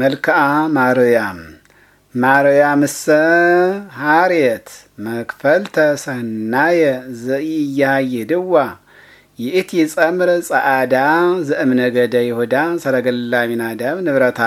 መልክዓ ማርያም ማርያምሰ ሀሬት መክፈልተ ሰናየ ድዋ ይእቲ ጸምረ ጸዓዳ ዘእምነገደ ይሁዳ ሰረገላ ሚናዳብ ንብረታ